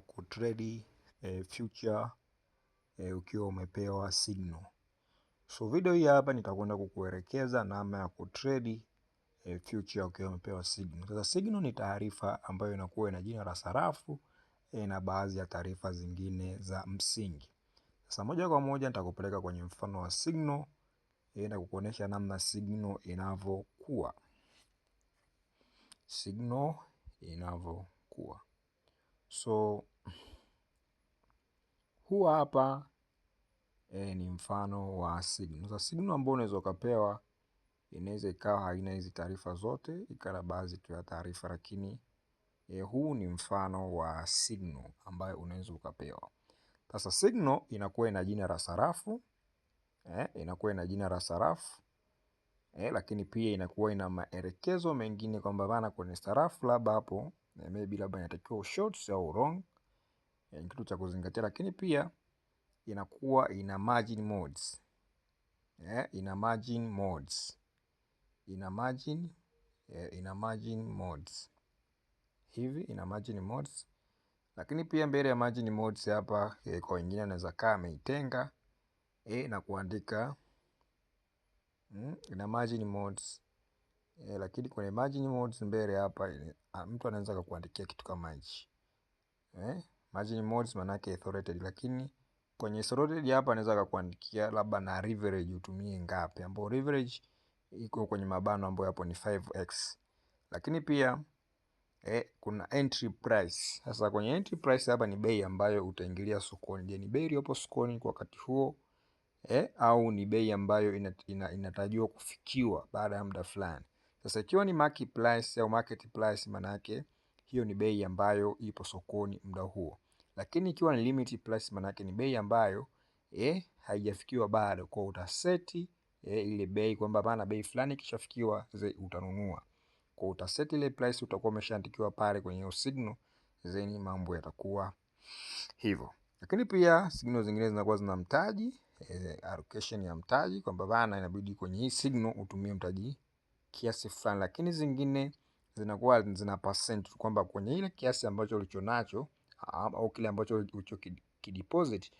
kutredi e, future e, ukiwa umepewa signal. So video hii hapa nitakwenda kukuelekeza namna ya kutredi e, future ukiwa umepewa signal. Sasa signal ni taarifa ambayo inakuwa ina jina la sarafu e, na baadhi ya taarifa zingine za msingi. Sasa moja kwa moja nitakupeleka kwenye mfano wa signal e, na kukuonesha namna signal inavyokuwa, signal inavyokuwa. So huwa hapa e, ni mfano wa signal. Sasa signal ambayo unaweza ukapewa inaweza ikawa haina hizi taarifa zote, ikana baadhi tu ya taarifa, lakini e, huu ni mfano wa signal ambayo unaweza ukapewa. Sasa signal inakuwa ina jina la sarafu eh, inakuwa ina jina la sarafu eh, lakini pia inakuwa ina maelekezo mengine kwamba bana, kwenye sarafu labda hapo maybe labda inatakiwa short au long, eh, ni kitu cha kuzingatia, lakini pia inakuwa ina margin modes eh, ina margin modes ina margin eh, ina margin modes hivi, ina margin modes. Lakini pia mbele ya margin modes hapa eh, kwa wengine anaweza kaa ameitenga eh, na kuandika mm, ina margin modes E, lakini kwenye margin modes mbele hapa eh, mtu anaweza kukuandikia kitu kama hichi. Eh? Margin modes maana yake authoritative lakini kwenye sorted hapa anaweza kukuandikia labda na leverage utumie ngapi, ambapo leverage iko kwenye mabano ambayo hapo ni 5x. Lakini pia eh, kuna entry price. Sasa kwenye entry price hapa ni bei ambayo utaingilia sokoni. Je, ni bei iliyopo sokoni kwa wakati huo eh, au ni bei ambayo inatarajiwa ina, ina kufikiwa baada ya muda fulani. Sasa ikiwa ni market price au market price, maana yake hiyo ni bei ambayo ipo sokoni muda huo, lakini ikiwa ni limit price, maana yake ni bei ambayo eh, haijafikiwa bado, kwa utaseti eh, ile bei kwamba bana bei fulani ikishafikiwa ze utanunua kwa utaseti ile price, utakuwa umeshaandikiwa pale kwenye hiyo signal, zeni, mambo yatakuwa hivyo. Lakini pia signal zingine zinakuwa zina mtaji eh, allocation ya mtaji kwamba bana inabidi kwenye hii signal utumie mtaji kiasi fulani, lakini zingine zinakuwa zina percent kwamba kwenye ile kiasi ambacho ulichonacho au kile ambacho kideposit,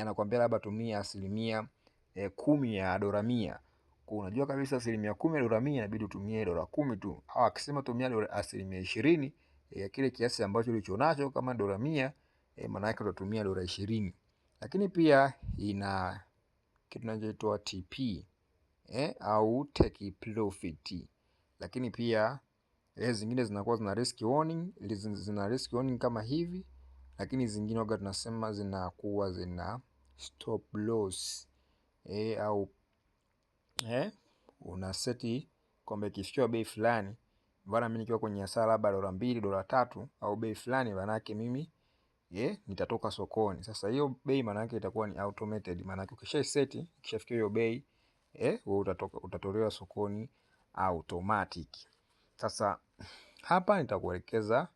anakuambia labda tumia asilimia e, kumi ya dola mia. Kwa unajua kabisa asilimia kumi ya dola mia inabidi utumie dola kumi tu, au akisema tumia asilimia ishirini e, ya kile kiasi ambacho nacho kama dola mia e, maana yake utatumia dola ishirini. Lakini pia ina kitu kinachoitwa TP eh, au take profit. Lakini pia eh, zingine zinakuwa zina risk warning, zina risk warning kama hivi, lakini zingine waga tunasema zinakuwa zina stop loss eh, au eh, una seti kwamba ikifikia bei fulani bwana, mimi nikiwa kwenye hasara labda dola mbili dola tatu au bei fulani, manake mimi ye, eh, nitatoka sokoni. Sasa hiyo bei manake itakuwa ni automated, maana manake ukishaiseti, ukishafikia hiyo bei eh, utatolewa sokoni ah, automatic. Sasa hapa nitakuelekeza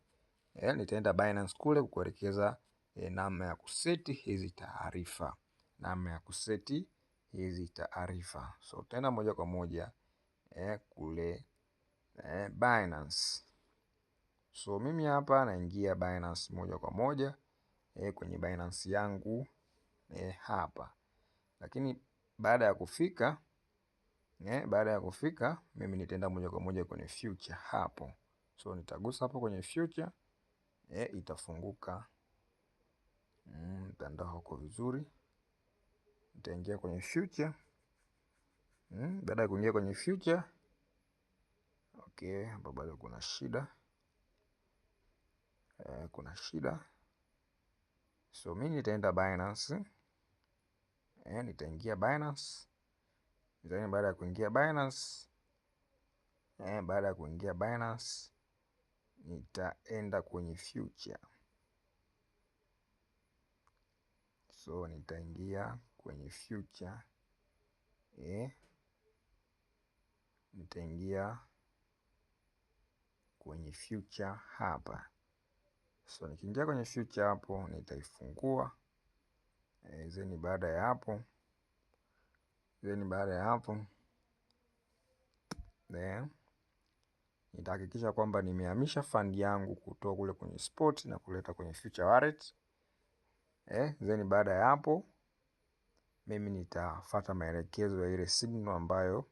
eh, nitaenda Binance kule kukuelekeza eh, namna ya kuseti hizi taarifa, namna ya kuseti hizi taarifa. So tena moja kwa moja eh, kule eh, Binance. So mimi hapa naingia Binance moja kwa moja eh, kwenye Binance yangu eh, hapa, lakini baada ya kufika Yeah, baada ya kufika mimi nitaenda moja kwa moja kwenye future hapo. So nitagusa hapo kwenye future Yeah, itafunguka mtandao mm, huko vizuri. Nitaingia kwenye future mm, baada ya kuingia kwenye future okay, hapa bado kuna shida eh, kuna shida so mimi nitaenda Binance eh, nitaingia Binance Mizani baada ya kuingia Binance. Eh, baada ya kuingia Binance nitaenda kwenye future. So nitaingia kwenye future. Eh, nitaingia kwenye future hapa. So nikiingia kwenye future hapo nitaifungua. Eh, zeni baada ya hapo hiyo baada ya hapo then nitahakikisha kwamba nimehamisha fund yangu kutoa kule kwenye spot na kuleta kwenye future wallet. Eh, then baada ya hapo mimi nitafata maelekezo ya ile signal ambayo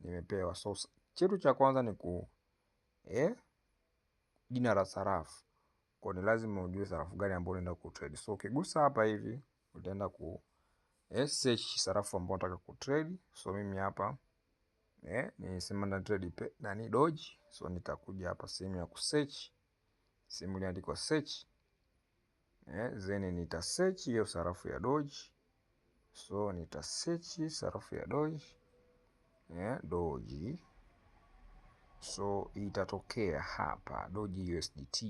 nimepewa. So kitu cha kwanza ni ku eh, jina la sarafu, kwa ni lazima ujue sarafu gani ambayo unaenda trade. So ukigusa hapa hivi utaenda ku SH sarafu ambayo nataka kutrade. So mimi hapa eh, nisema na trade pe nani doji. So nitakuja hapa sehemu ya kusearch, sehemu iliandikwa search eh, then nita search hiyo sarafu ya doji. So nita search sarafu ya doji eh, doji. So itatokea hapa doji USDT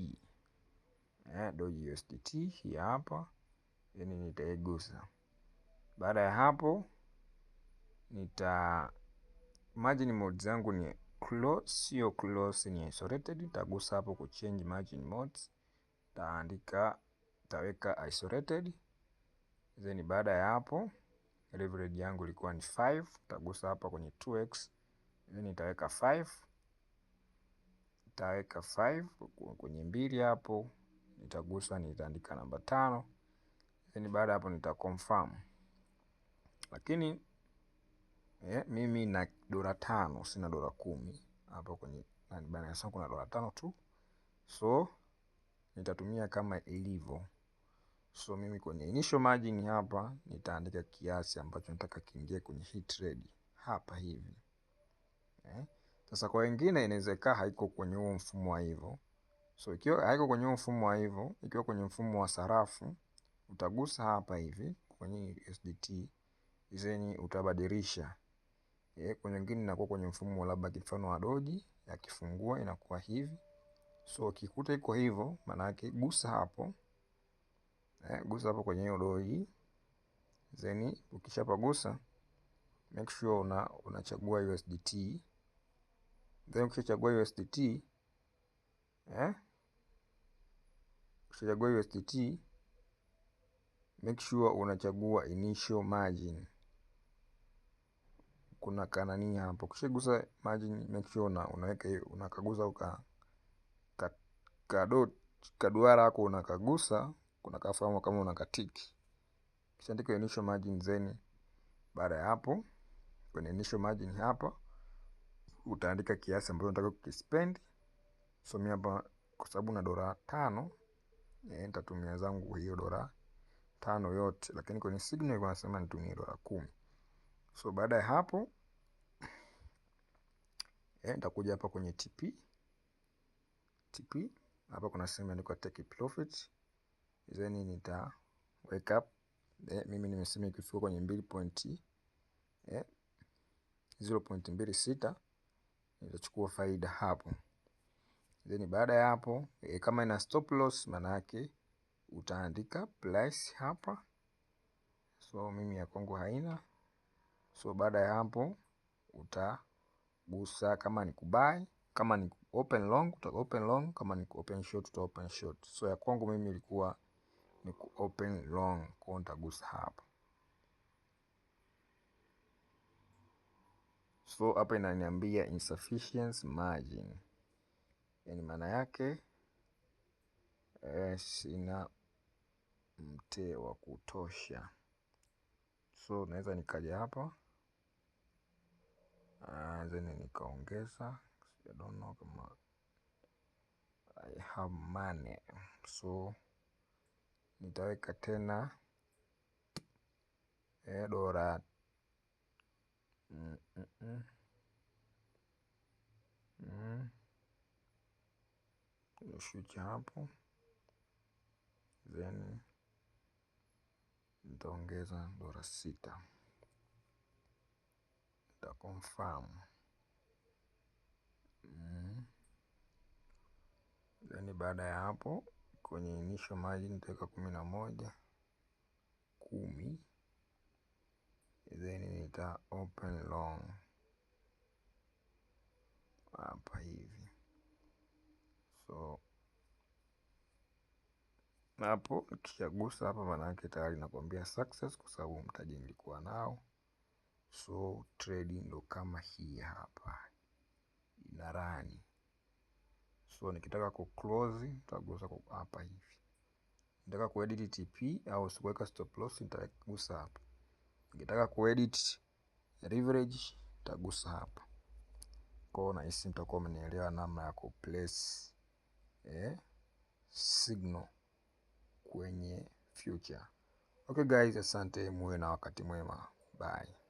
eh, doji USDT hii hapa, then nitaigusa baada ya hapo nita margin modes zangu ni close, sio close ni isolated. Nitagusa hapo ku change margin modes, taandika taweka isolated. Then baada ya hapo leverage yangu ilikuwa ni 5, tagusa hapa kwenye 2x, then nitaweka 5 taweka 5 kwenye mbili hapo, nitagusa nitaandika namba tano, then baada hapo nita confirm lakini eh, mimi na dola tano sina dola kumi hapo kwenye nani nasema kuna dola tano tu, so nitatumia kama ilivyo. So mimi kwenye initial margin hapa nitaandika kiasi ambacho nataka kiingie kwenye hii trade hapa hivi eh? Sasa kwa wengine inawezekana haiko kwenye huo mfumo wa hivyo. So ikiwa haiko kwenye huo mfumo wa hivyo, ikiwa kwenye mfumo wa sarafu utagusa hapa hivi kwenye USDT dizaini utabadilisha. Eh, kwenye nyingine inakuwa kwenye mfumo labda mfano wa doji, ya kifungua inakuwa hivi. So kikuta iko hivyo, maana yake gusa hapo eh, gusa hapo kwenye hiyo doji, zeni, ukishapagusa make sure una unachagua USDT, then ukishachagua USDT eh, ukishachagua USDT make sure unachagua initial margin kuna kanani hapo. Ukishagusa maji make sure una, unaweka unakaguza uka ka, kado kaduara hako unakagusa kuna kafahamu kama unakatiki. Kisha ndiko inisho maji nzeni. Baada ya hapo kwenye inisho maji ni hapa utaandika kiasi ambacho unataka kukispend. So mimi hapa kwa sababu na dola tano eh, nitatumia zangu hiyo dola tano yote, lakini kwenye signal wanasema nitumie dola kumi. So baada ya hapo eh, nitakuja hapa kwenye TP TP, hapa kuna sehemu imeandikwa take profit, then wake up eh, mimi nimesema ikifika kwenye mbili point eh, 0.26 nitachukua faida hapo, then baada ya hapo eh, kama ina stop loss maana yake utaandika price hapa, so mimi ya kwangu haina So baada ya hapo utagusa, kama ni kubai, kama ni open long uta open long, kama ni open short uta open short. So ya kwangu mimi ilikuwa ni ku open long, kwa nitagusa hapa. So hapa inaniambia insufficient margin, yani maana yake eh, sina mte wa kutosha. So naweza nikaja hapa then nikaongeza I don't know kama I have money so nitaweka tena e dola mm -mm. mm. mm nishuche hapo then nitaongeza dola sita ta confirm mm. Then baada ya hapo kwenye initial margin nitaweka kumi na moja kumi, then nita open long hapa hivi, so hapo kishagusa hapa, maana tayari nakwambia success, kwa sababu mtaji nilikuwa nao. So trade ndo kama hii hapa inarani. So nikitaka ku close nitagusa hapa hivi. Nitaka edit TP au sikuweka stop loss nitagusa hapa. Nikitaka ku edit leverage nitagusa hapa. Kwa hisi mtakuwa mmenielewa namna ya ku place eh, signal kwenye future. Okay guys, asante, muwe na wakati mwema. Bye.